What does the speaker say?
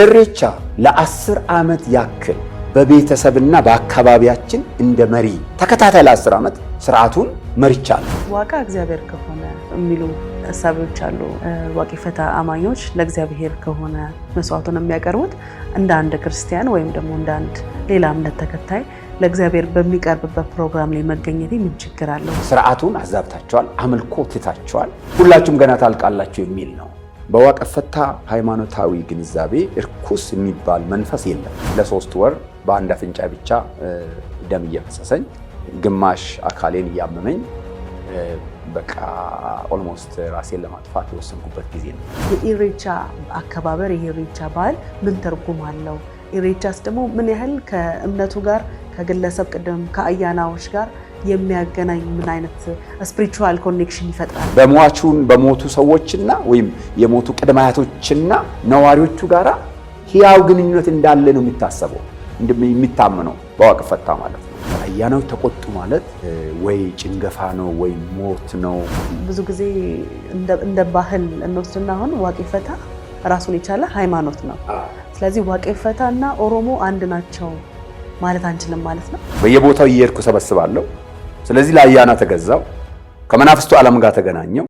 እሬቻ ለአስር ዓመት ያክል በቤተሰብና በአካባቢያችን እንደ መሪ ተከታታይ ለአስር ዓመት ስርዓቱን መርቻለሁ። ዋቃ እግዚአብሔር ከሆነ የሚሉ እሳቤዎች አሉ። ዋቂ ፈታ አማኞች ለእግዚአብሔር ከሆነ መስዋዕቱን የሚያቀርቡት እንደ አንድ ክርስቲያን ወይም ደግሞ እንደ አንድ ሌላ እምነት ተከታይ ለእግዚአብሔር በሚቀርብበት ፕሮግራም ላይ መገኘት ምን ችግር አለው? ስርዓቱን አዛብታቸዋል፣ አምልኮ ትታቸዋል፣ ሁላችሁም ገና ታልቃላችሁ የሚል ነው። በዋቀፈታ ሃይማኖታዊ ግንዛቤ እርኩስ የሚባል መንፈስ የለም። ለሶስት ወር በአንድ አፍንጫ ብቻ ደም እየፈሰሰኝ ግማሽ አካሌን እያመመኝ በቃ ኦልሞስት ራሴን ለማጥፋት የወሰንኩበት ጊዜ ነው። የኢሬቻ አከባበር የኢሬቻ ባህል ምን ትርጉም አለው? ኢሬቻስ ደግሞ ምን ያህል ከእምነቱ ጋር ከግለሰብ ቅድም ከአያናዎች ጋር የሚያገናኝ ምን አይነት ስፒሪቹዋል ኮኔክሽን ይፈጥራል? በሟቹን በሞቱ ሰዎችና ወይም የሞቱ ቅድመ አያቶችና ነዋሪዎቹ ጋራ ህያው ግንኙነት እንዳለ ነው የሚታሰበው የሚታምነው በዋቅ ፈታ ማለት ነው። ተቆጡ ማለት ወይ ጭንገፋ ነው ወይ ሞት ነው። ብዙ ጊዜ እንደ ባህል እንወስድና አሁን ዋቅ ፈታ ራሱን የቻለ ሃይማኖት ነው። ስለዚህ ዋቄ ፈታ እና ኦሮሞ አንድ ናቸው ማለት አንችልም ማለት ነው። በየቦታው እየሄድኩ ሰበስባለሁ። ስለዚህ ለአያና ተገዛው፣ ከመናፍስቱ ዓለም ጋር ተገናኘው።